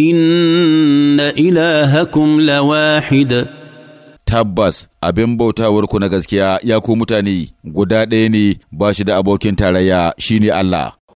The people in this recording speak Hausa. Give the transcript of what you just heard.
إن إلهكم لواحد tabbas abin bautawarku na gaskiya ya ku mutane guda ɗaya ne bashi da abokin tarayya shine Allah